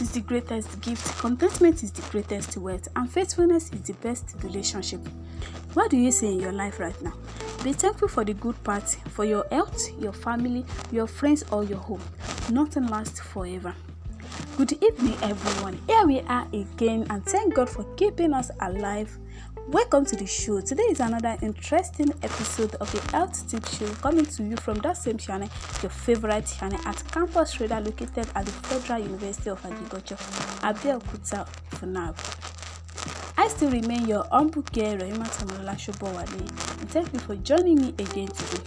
is the greatest gift? Contentment is the greatest wealth, and faithfulness is the best relationship. What do you see in your life right now? Be thankful for the good parts, for your health, your family, your friends, or your home. Nothing lasts forever. Good evening, everyone. Here we are again, and thank God for keeping us alive Welcome to the show. Today is another interesting episode of the Health Tip Show coming to you from that same channel, your favorite channel at Campus Radar located at the Federal University of Agriculture, Abeokuta, now. I still remain your humble girl, Rahima Tamalola Shobowale, and thank you for joining me again today.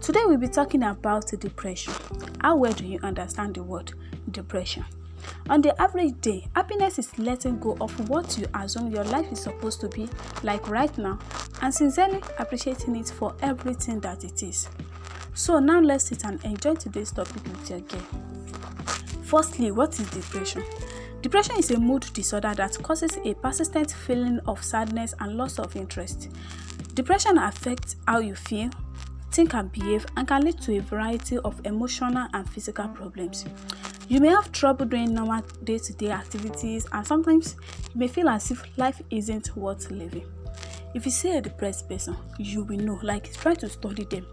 Today we'll be talking about depression. How well do you understand the word depression? On the average day, happiness is letting go of what you assume your life is supposed to be like right now and sincerely appreciating it for everything that it is. So now let's sit and enjoy today's topic with your girl. Firstly, what is depression? Depression is a mood disorder that causes a persistent feeling of sadness and loss of interest. Depression affects how you feel, think, and behave, and can lead to a variety of emotional and physical problems. You may have trouble doing normal day to day activities, and sometimes you may feel as if life isn't worth living. If you see a depressed person, you will know, like, try to study them.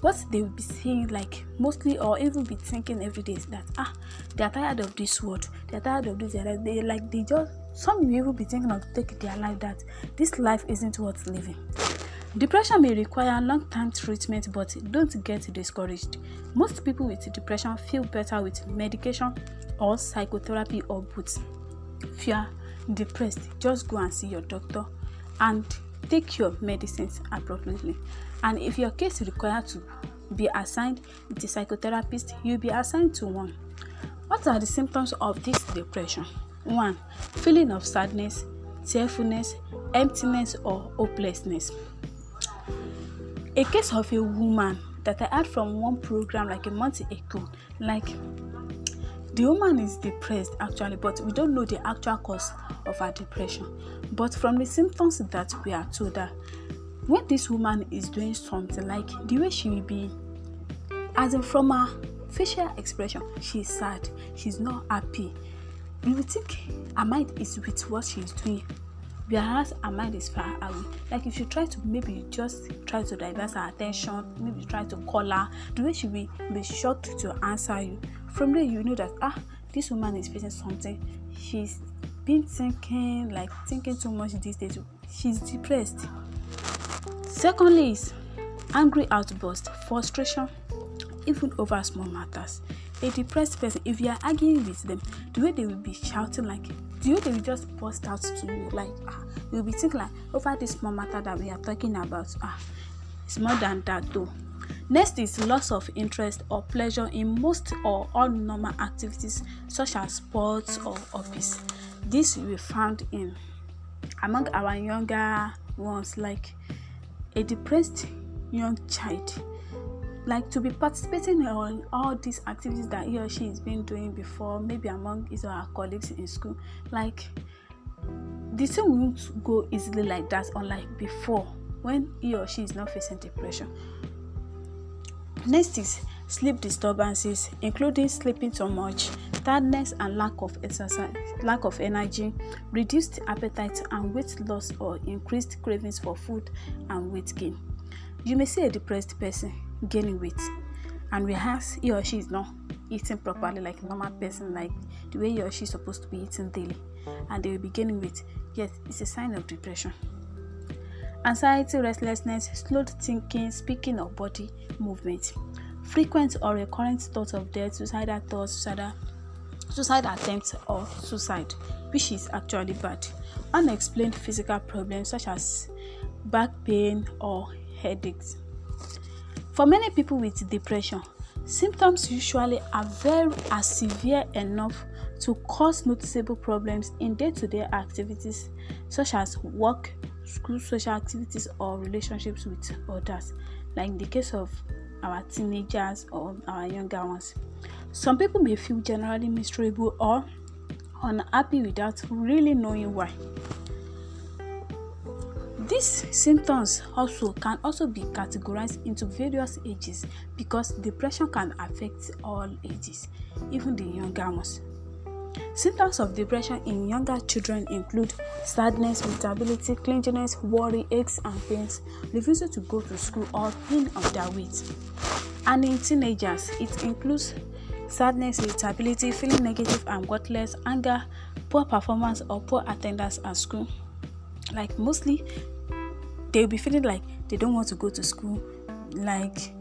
What they will be seeing, like, mostly or even be thinking every day is that, ah, they are tired of this world, they are tired of this, they, they like, they just, some will even be thinking of taking their life that this life isn't worth living. Depression may require long term treatment, but don't get discouraged. Most people with depression feel better with medication or psychotherapy or both. If you are depressed, just go and see your doctor and take your medicines appropriately. And if your case requires to be assigned with a psychotherapist, you'll be assigned to one. What are the symptoms of this depression? One, Feeling of sadness, tearfulness, emptiness, or hopelessness. a case of a woman that I had from one program like a month ago. Like the woman is depressed actually, but we don't know the actual cause of her depression. But from the symptoms that we are told that when this woman is doing something like the way she will be as in from her facial expression she's sad she's not happy you think her mind is with what she's doing whereas our mind is far away like if you try to maybe just try to divert her attention maybe try to call her the way she will be shocked to answer you from there you know that ah this woman is facing something she's been thinking like thinking too much these days she's depressed secondly is angry outburst frustration even over small matters a depressed person if you are arguing with them the way they will be shouting like you know they will just burst out to you like ah you'll be think like over this small matter that we are talking about ah it's more than that though next is loss of interest or pleasure in most or all normal activities such as sports or office this we found in among our younger ones like a depressed young child like to be participating in all these activities that he or she has been doing before, maybe among his or her colleagues in school. Like the thing won't go easily like that, unlike before when he or she is not facing depression. Next is sleep disturbances, including sleeping too much, tiredness and lack of exercise, lack of energy, reduced appetite and weight loss or increased cravings for food and weight gain. You may see a depressed person gaining weight, and whereas he or she is not eating properly like a normal person, like the way he or she is supposed to be eating daily, and they will be gaining weight, yet it's a sign of depression. Anxiety, restlessness, slowed thinking, speaking of body movement, frequent or recurrent thoughts of death, suicidal thoughts, suicidal, suicide attempts, or suicide, which is actually bad. Unexplained physical problems such as back pain or headaches. For many people with depression, symptoms usually are very are severe enough to cause noticeable problems in day-to-day activities such as work, school social activities or relationships with others like in the case of our teenagers or our younger ones. Some people may feel generally miserable or unhappy without really knowing why. These symptoms also can also be categorized into various ages because depression can affect all ages, even the younger ones. Symptoms of depression in younger children include sadness, irritability, clinginess, worry, aches and pains, refusal to go to school, or pain of their weight. And in teenagers, it includes sadness, irritability, feeling negative and worthless, anger, poor performance, or poor attendance at school. Like mostly they'll be feeling like they don't want to go to school like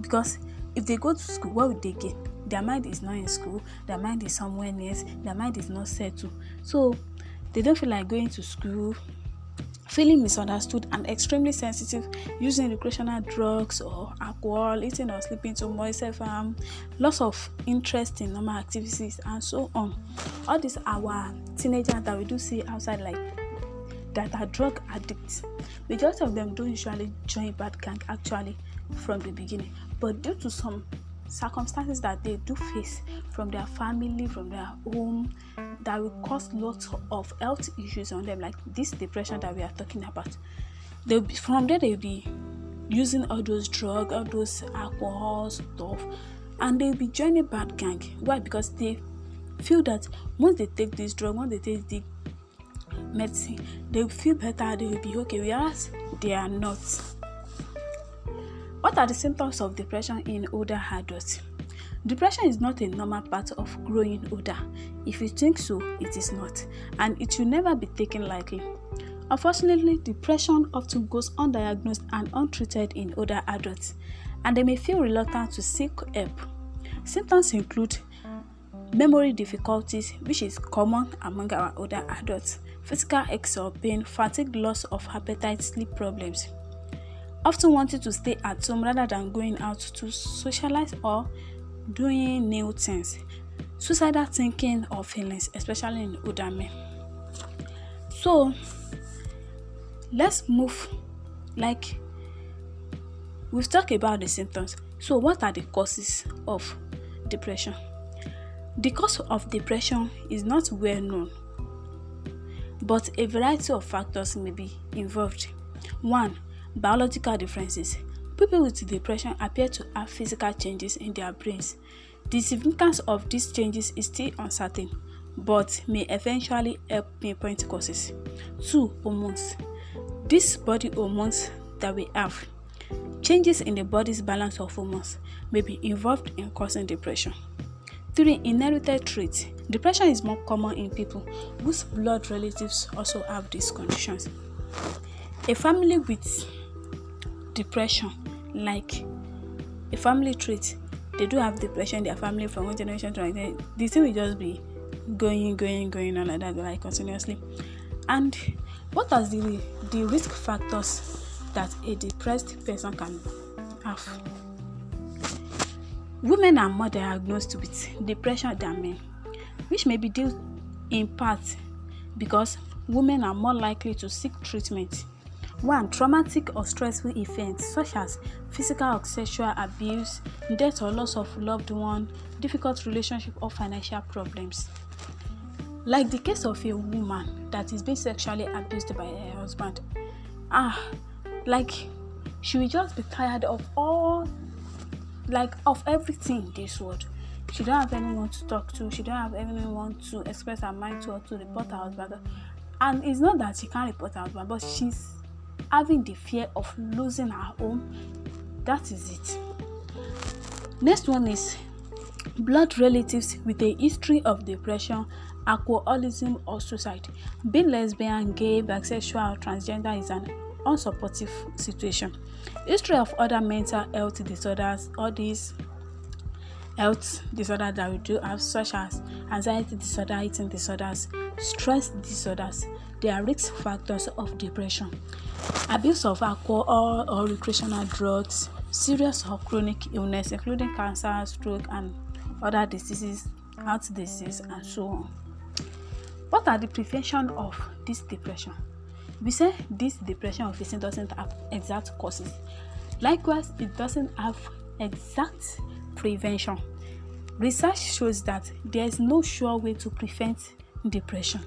because if they go to school what would they get their mind is not in school their mind is somewhere else their mind is not settled so they don't feel like going to school feeling misunderstood and extremely sensitive using recreational drugs or alcohol eating or sleeping too much self harm um, loss of interest in normal activities and so on all these our teenagers that we do see outside like that are drug addicts. Majority of them don't usually join bad gang actually from the beginning, but due to some circumstances that they do face from their family, from their home, that will cause lots of health issues on them, like this depression that we are talking about. They'll be, from there they'll be using all those drugs, all those alcohol stuff, and they'll be joining bad gang. Why? Because they feel that once they take this drug, once they take the medicine, they will feel better, they will be okay, whereas they are not. What are the symptoms of depression in older adults? Depression is not a normal part of growing older. If you think so, it is not, and it should never be taken lightly. Unfortunately, depression often goes undiagnosed and untreated in older adults, and they may feel reluctant to seek help. Symptoms include Memory difficulties, which is common among our older adults, physical aches or pain, fatigue, loss of appetite, sleep problems. Often wanting to stay at home rather than going out to socialize or doing new things. Suicidal thinking or feelings, especially in older men. So, let's move like we've talked about the symptoms. So, what are the causes of depression? The cause of depression is not well known, but a variety of factors may be involved. 1. Biological differences. People with depression appear to have physical changes in their brains. The significance of these changes is still uncertain, but may eventually help pinpoint causes. 2. Hormones. These body hormones that we have. Changes in the body's balance of hormones may be involved in causing depression. 3. Inherited traits. Depression is more common in people whose blood relatives also have these conditions. A family with depression, like a family trait, they do have depression in their family from one generation to another. The thing will just be going, going, going on like that, like continuously. And what are the, the risk factors that a depressed person can have? Women are more diagnosed with depression than men, which may be due in part because women are more likely to seek treatment. 1. Traumatic or stressful events such as physical or sexual abuse, death or loss of loved one, difficult relationship or financial problems. Like the case of a woman that is being sexually abused by her husband. Ah, like she will just be tired of all like of everything in this world she don't have anyone to talk to she don't have anyone to express her mind to or to report her husband and it's not that she can't report her husband but she's having the fear of losing her home that is it next one is blood relatives with a history of depression alcoholism or suicide being lesbian gay bisexual or transgender is an unsupportive situation. History of other mental health disorders, all these health disorders that we do have, such as anxiety disorder, eating disorders, stress disorders, they are risk factors of depression. Abuse of alcohol or recreational drugs, serious or chronic illness, including cancer, stroke, and other diseases, heart disease, and so on. What are the prevention of this depression? We say this depression of facing doesn't have exact causes. Likewise, it doesn't have exact prevention. Research shows that there is no sure way to prevent depression,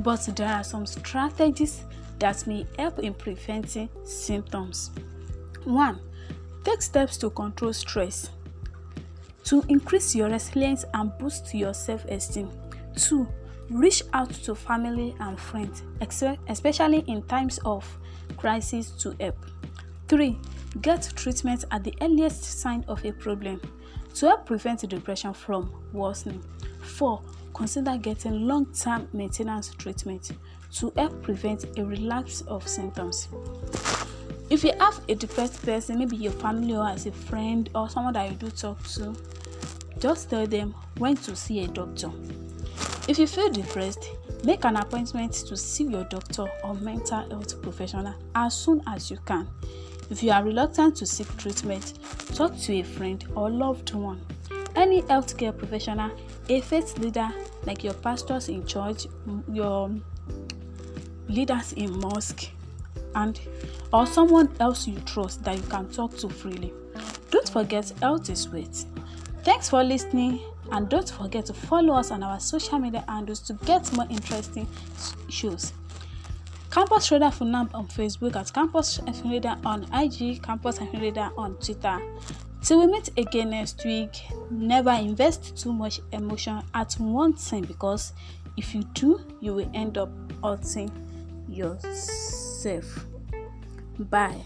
but there are some strategies that may help in preventing symptoms. 1. Take steps to control stress. To increase your resilience and boost your self esteem. 2. Reach out to family and friends, especially in times of crisis to help. 3. Get treatment at the earliest sign of a problem to help prevent depression from worsening. 4. Consider getting long term maintenance treatment to help prevent a relapse of symptoms. If you have a depressed person, maybe your family or as a friend or someone that you do talk to, just tell them when to see a doctor. If you feel depressed, make an appointment to see your doctor or mental health professional as soon as you can. If you are reluctant to seek treatment, talk to a friend or loved one. Any healthcare professional, a faith leader like your pastors in church, your leaders in mosque, and or someone else you trust that you can talk to freely. Don't forget health is wealth. Thanks for listening and don't forget to follow us on our social media handles to get more interesting shows. Campus Radar Funab on Facebook at Campus Radar on IG, Campus Radar on Twitter. Till we meet again next week, never invest too much emotion at one time because if you do, you will end up hurting yourself. Bye.